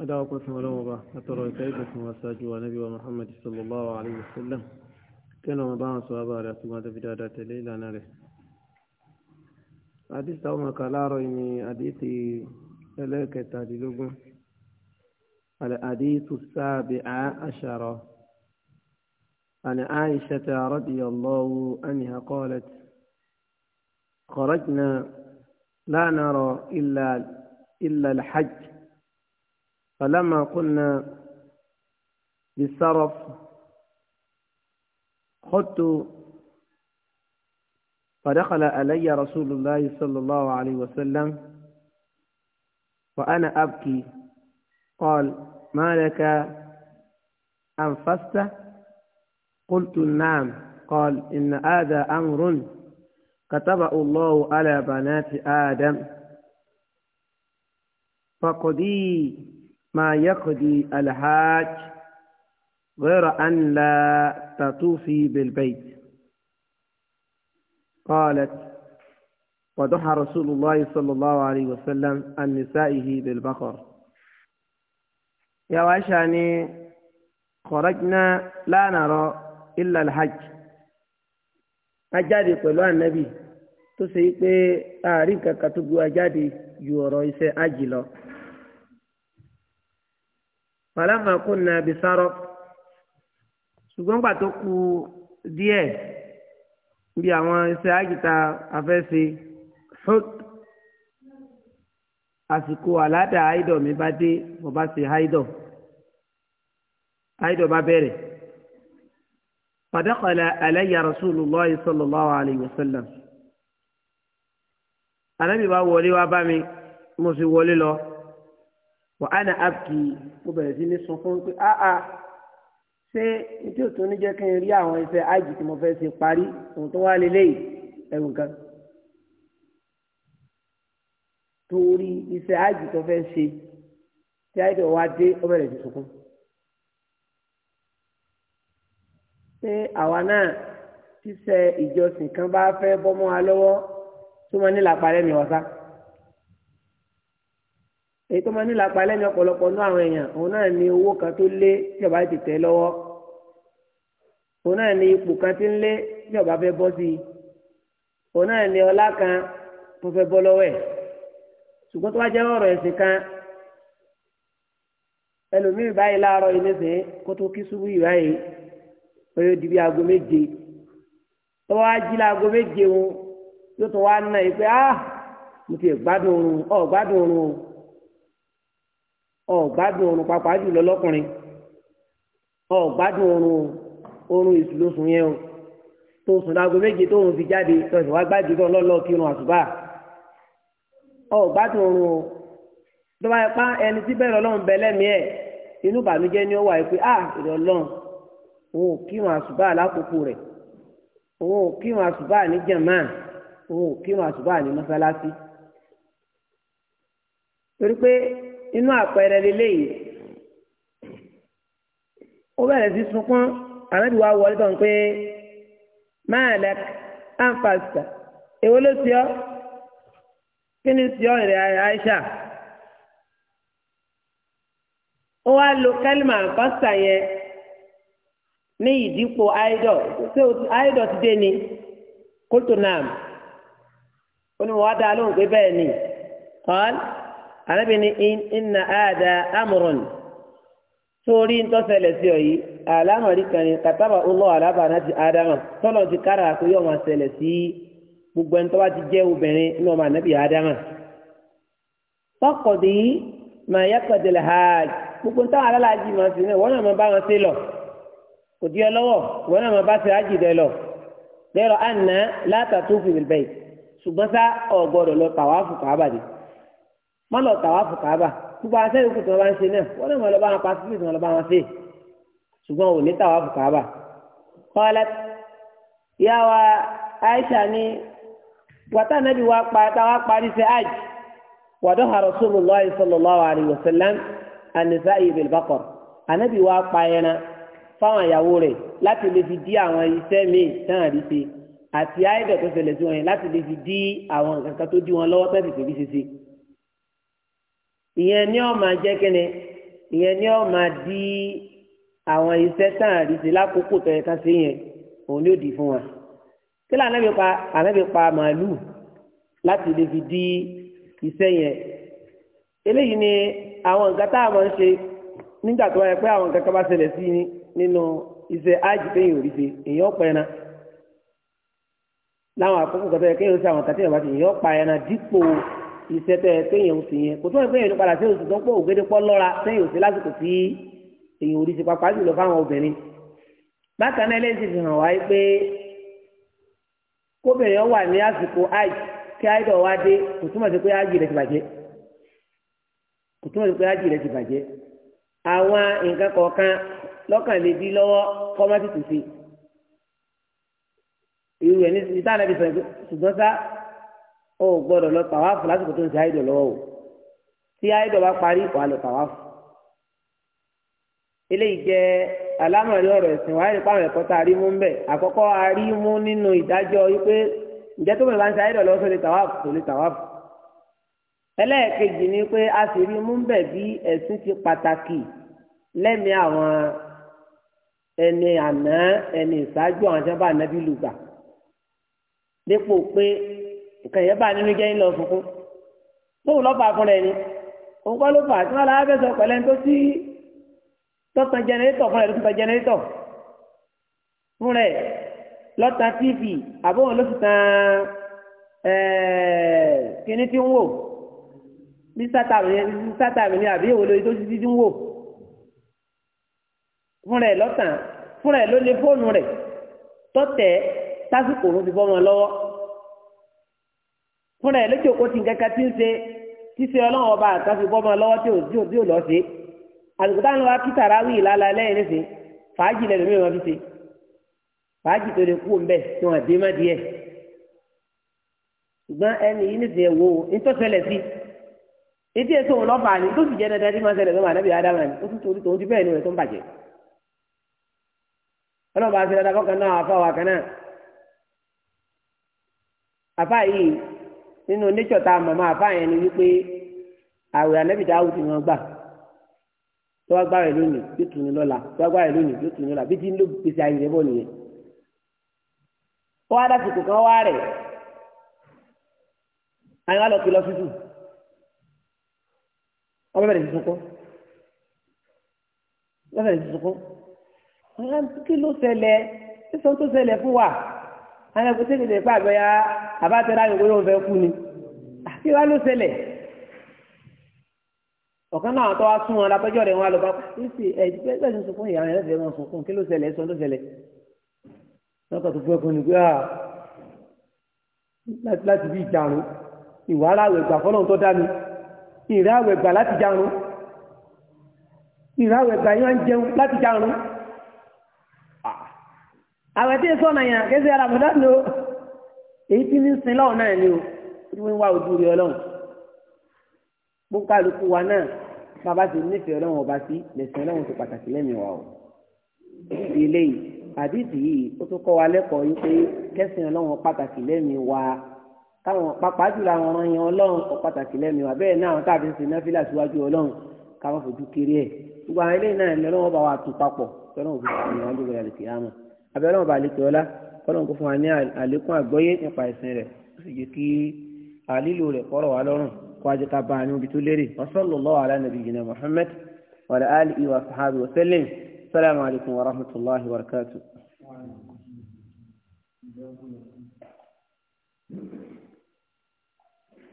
هذا هو قسم الأمر أترى كيف اسم أساج ونبي ومحمد صلى الله عليه وسلم كان رمضان صحابة رأسوا هذا في دادات الليلة ناري حديث دوما كالارو إني حديث إليك تعديلوك على حديث السابع عشر عن عائشة رضي الله عنها قالت خرجنا لا نرى إلا إلا الحج فلما قلنا بالسرف خدت فدخل علي رسول الله صلى الله عليه وسلم وأنا أبكي قال ما لك أنفست قلت نعم قال إن هذا أمر كتبه الله على بنات آدم فقدي ما يقضي الحاج غير أن لا تطوفي بالبيت قالت وضحى رسول الله صلى الله عليه وسلم عن نسائه بالبقر يا واشاني خرجنا لا نرى إلا الحج أجاري قلوا النبي تسيقي أعرفك كتبوا أجاري يورو يسي fàlámà kò nà bisárọ̀ ṣùgbọ́n gbà tó ku díẹ̀ bí àwọn iṣẹ́ àjìta afẹ́ṣe hut àsìkò àládà haidọ̀ mi bá dé mo bá ṣe haidọ̀ haidọ̀ bá bẹ̀rẹ̀ fàdákàlà aláya rasulillah sallallahu alayhi wa sallam anabi bá wọlé wá bá mi mo sì wọlé lọ wà á na abki mo bẹ̀rẹ̀ sí ní sunkún pé áà ah, ah, ṣé etí òtún ní jẹ́ kí n rí àwọn iṣẹ́ ájì tí mo fẹ́ ṣe parí òun tó wá lélẹ́yìí ẹ̀rù nǹkan torí iṣẹ́ ájì tó fẹ́ ṣe tí ájì wa dé ó bẹ̀rẹ̀ sí sunkún. pé àwa náà ṣíṣe ìjọsìn kan bá fẹ́ bọ́mọ́ wa lọ́wọ́ tó máa ní làpárẹ́ mi wọ́n sá èyí tó máa ní lápá lẹ́nu ọ̀pọ̀lọpọ̀ ní àwọn èèyàn òun náà ní owó kan tó lé tí ọba ti tẹ̀ lọ́wọ́ òun náà ní ipò kan tí ń lé tí ọba fẹ́ bọ́ sí i òun náà ní ọlá kan tó fẹ́ bọ́ lọ́wọ́ ẹ̀ ṣùgbọ́n tó wá jẹ́ ọ̀rọ̀ ẹ̀sìn kan ẹlòmíì báyìí láàárọ̀ yìí nísìnyí kó tó kí ṣubú yìí báyìí ó yóò di bí aago méje tó wá jí láago méje wọn yóò tó wá ná yìí pé ah mo ti gbádùn oorun ọ̀ gbádùn oorun o ọ̀gbádùn oorun pàápàá jùlọ lọ́kùnrin ọ̀gbádùn oorun oorun ìsúlósùn yẹn o tó sùn láago méje tó òun fi jáde tọ̀sí wá gbájú tó lọ́lọ́ kírun àsùbà ọ̀gbádùn oorun o tó bá yẹ pa ẹni tí bẹ́ẹ̀ lọ́lọ́run bẹ lẹ́mìí ẹ̀ inú ìbànújẹ́ ni ó wà pé a ah, èrè ọlọ́run òun ò kírun àsùbà lákòókò rẹ̀ òun ò kírun àsùbà ní jàmá òun ò kírun àsùbà ní mọ́sálásí torí pé inú àpẹẹrẹ lélẹ́yìí ó bẹ̀rẹ̀ sí sunkún ànábì wa wọlé tán pé máa lẹ ànfàṣà èwo ló ti ọ kí ni ti ọ rẹ Aisha ó wá lo kálímà ànfàṣà yẹn ní ìdípò idol ṣé idol ti dé ni kótó náà ó ní wọn wá dá a lóhùn pé bẹ́ẹ̀ ni kọ́ọ́lù. àlẹ́bí ni iná àdá amúrọ̀n sórí ntọ́sẹ̀lẹ̀ sí ọ yìí àlámọ̀rí kan ní kàtàbà ọlọ́ àlábà náà ti ádámà tọ́lọ̀ ti kára àpé yóò máa sí gbogbo ẹni tó bá ti jẹ́ obìnrin ní ọmọ ànábì ádámà. fọkọ̀dì màá yẹ́kọ̀dì lè hajj gbogbo táwọn alálàájì máa fi náà wọ́n náà bá wọn sí lọ kò di ẹ lọ́wọ́ wọ́n náà bá ṣe hajj dẹ lọ dẹ́rọ àná látàtúfì bẹ̀rẹ̀ ṣùgbọ́n sá ọ̀gbọ́dọ̀ má lọ tàwáfù Káàbà gbogbo aṣẹ́ yòókù tí wọ́n bá ń ṣe náà wọ́n lè máa lọ bá wọn pa síbí tí wọ́n wọn ṣe ṣùgbọ́n ò ní tàwáfù Káàbà. kọ́lá ìyá wa Aisha ni wàtá nàbí wa pa táwa parí sí hajj wàdó Rasulullah sallallahu alaihi wasallam anisa ibil bakor anabi wa pa ẹran fáwọn ìyàwó rẹ̀ láti lè fi dí àwọn iṣẹ́ míì tán àrí ṣe àti àìdẹ̀ tó ṣẹlẹ̀ sí wọn yẹn láti lè fi dí àwọn nǹkan tó dí wọn lọ́wọ́ tẹ́sí tòbí ìyẹn ni ó máa kíni ìyẹn ni ó di àwọn iṣẹ́ tán àríṣe lákòókò tó yẹ ká di fún wa kí lóò anábì pa anábì pa màálùú láti fi di iṣẹ́ yẹn eléyìí ni àwọn nǹkan tá a máa ń ṣe nígbà tó yẹ pé àwọn nǹkan kan i nínú ájì téèyàn ò rí ṣe iṣẹ́ tẹ téèyàn ń sìn yẹn kò tó ń péye nípa làtẹ́yìn oṣù tó ń pọ̀ ògede pọ́ lọ́ra téèyàn òsì lásìkò tí èèyàn orí ti papá jùlọ fáwọn obìnrin bákan náà eléyìí ti fi hàn wáyé pé kóbìnrin wà ní àsìkò àì kí àìdọ̀ wá dé kò túmọ̀ sí pé àjì rẹ̀ ti bàjẹ́ kò túmọ̀ sí pé àjì rẹ̀ ti bàjẹ́ àwọn nǹkan kọ̀ọ̀kan lọ́kàn lè di lọ́wọ́ kọ́mọ́tì tòṣe irú ẹ̀ ní ìtàn àbí sọ̀rọ̀ ṣùgbọ́n sá ó gbọ́dọ̀ lọ tàwáfù lásìkò tó ń ṣe àìdọ̀ lọ́wọ́ o tí àìdọ̀ bá parí wà lọ tàwáfù. eléyìí jẹ́ alámọ̀lẹ́ ọ̀rọ̀ ẹ̀sìn wàá rí pàmò ẹ̀kọ́ tá a rí mú ń àkọ́kọ́ a rí mú nínú ìdájọ́ wípé ǹjẹ́ tó bẹ̀rẹ̀ bá ń ṣe àìdọ̀ lọ́wọ́ sórí tàwáfù sórí tàwáfù. ẹlẹ́ẹ̀kejì ni pé a sì rí mú ń bẹ̀ bí ẹ̀sìn ti pàtàkì lẹ́mìí àwọn ẹni àná ẹni ìṣáájú àwọn tí wọ́n bá dépò pé nǹkan yẹn bá nínú jẹ́ ńlọ fúnfún tóun lọ́ọ́ fà fún rẹ̀ ni òun kọ́ ló fà tí wọ́n láwọn sọ pẹ̀lẹ́ ní tó sí tọ́tàn jẹnẹrétọ̀ fún rẹ̀ ló tọ́tàn jẹnẹrétọ̀ fún rẹ̀ lọ́ta tv àbóhùn ló fi tan kíní tí ń wò bí sátàmì ni àbí èwo lórí tó ti ti ń wò fún rẹ̀ lọ́tàn fún rẹ̀ ló lé fóònù rẹ̀ tọ́tẹ̀ sásìkò ló fi bọ́ wọn lọ́wọ́. fúnra ẹ̀ lókè òkú ti ń kẹ́kẹ́ tí ń ṣe tí ṣe ọlọ́run ọba àká fi bọ́mọ lọ́wọ́ tí ò lọ sí àsìkò táwọn wa kí tàràwì ìlàlà fàájì lẹ́nu mi fi ṣe fàájì tó lè kú ń bẹ̀ tí wọ́n dé má díẹ̀ ṣùgbọ́n ẹni yìí sí etí ẹ̀ tó ń lọ́fà ni tó sì jẹ́ dandan tí tó máa nínú oníṣọ́ tá a mọ̀ máa fáyẹn ni wípé àwẹ̀ ànábì Dáúdù ti wọn gbà tó wá gbàrẹ̀ lónìí yóò tún ní lọ́la tó wá gbàrẹ̀ lónìí yóò tún ní lọ́la bí ti ń lò gbèsè ayé rẹ̀ bọ̀ nìyẹn. ó wá lásìkò kan wá rẹ̀ àyàn lọ kí lọ fífù wọ́n bẹ̀rẹ̀ sí sunkún wọ́n bẹ̀rẹ̀ sí sunkún kí ló ṣẹlẹ̀ sísan tó ṣẹlẹ̀ fún wa àwọn ẹgbẹ́ tẹ́lẹ̀ tẹ́lẹ̀ pàgbẹ́ ya àbátẹ́rẹ́ àyẹ̀wò yóò fẹ́ kú ni àti ah, wá ló ṣẹlẹ̀ ọ̀kan náà tó wá sún wọn lápẹ́jọ́ rẹ̀ wọn á lọ bá ṣíṣe ẹ̀ẹ́dẹ́gbẹ́ ẹ̀sìn sunkún ìyá rẹ̀ lẹ́fẹ̀ẹ́ wọn sunkún kí ló ṣẹlẹ̀ sọ ló ṣẹlẹ̀ lọ́kàn tó fẹ́ kún ni pé à ah, láti bí ìjàrún ìwà aláwẹ̀ gbà fọ́lọ́n tó dá mi ìràwẹ̀ gbà láti jàrún ìràwẹ̀ gbà yín wá ń jẹun láti jàrún àwẹ̀ tí èso ọ̀nà yẹn kéde ara mọ̀dá ni o èyí tí ní sin lọ́wọ́ náà ni o tí wọ́n ń wá ojú rí ọlọ́run gbókàlùkù wa náà bàbá ti nífẹ̀ẹ́ ọlọ́run ọba sí lẹ̀sìn ọlọ́run ti pàtàkì lẹ́mìí wa o ìdí eléyìí àdìsí yìí ó tún kọ́ wa lẹ́kọ̀ọ́ yìí pé kẹ́sìn ọlọ́run pàtàkì lẹ́mìí wa káwọn pàpà jùlọ àwọn ọ̀ràn yẹn ọlọ́run pàtàkì lẹ́mìí wa bẹ́ẹ̀ náà káàbí ń sin náfìlà síwájú ọlọ́run káwọn fojú kéré ẹ̀ gbogbo àwọn eléyìí náà ni ọlọ́run bá wa tún papọ̀ tọ́lọ́run fi sàmì wọn lórí àlùkìyàmù abẹ́rẹ́ wọn bá lè tẹ̀ ọ́lá kọ́lọ́n kó fún wa ní àlékún àgbọ́yé nípa ẹ̀sìn rẹ̀ ó sì jẹ́ kí àlílò rẹ̀ kọ́rọ̀ wá lọ́rùn kó a jẹ́ ká bá a ní ibi tó lérè wa sallallahu ala nabiyyina Muhammad wa ala alihi wa sahbihi wa sallam assalamu alaikum wa rahmatullahi wa barakatuh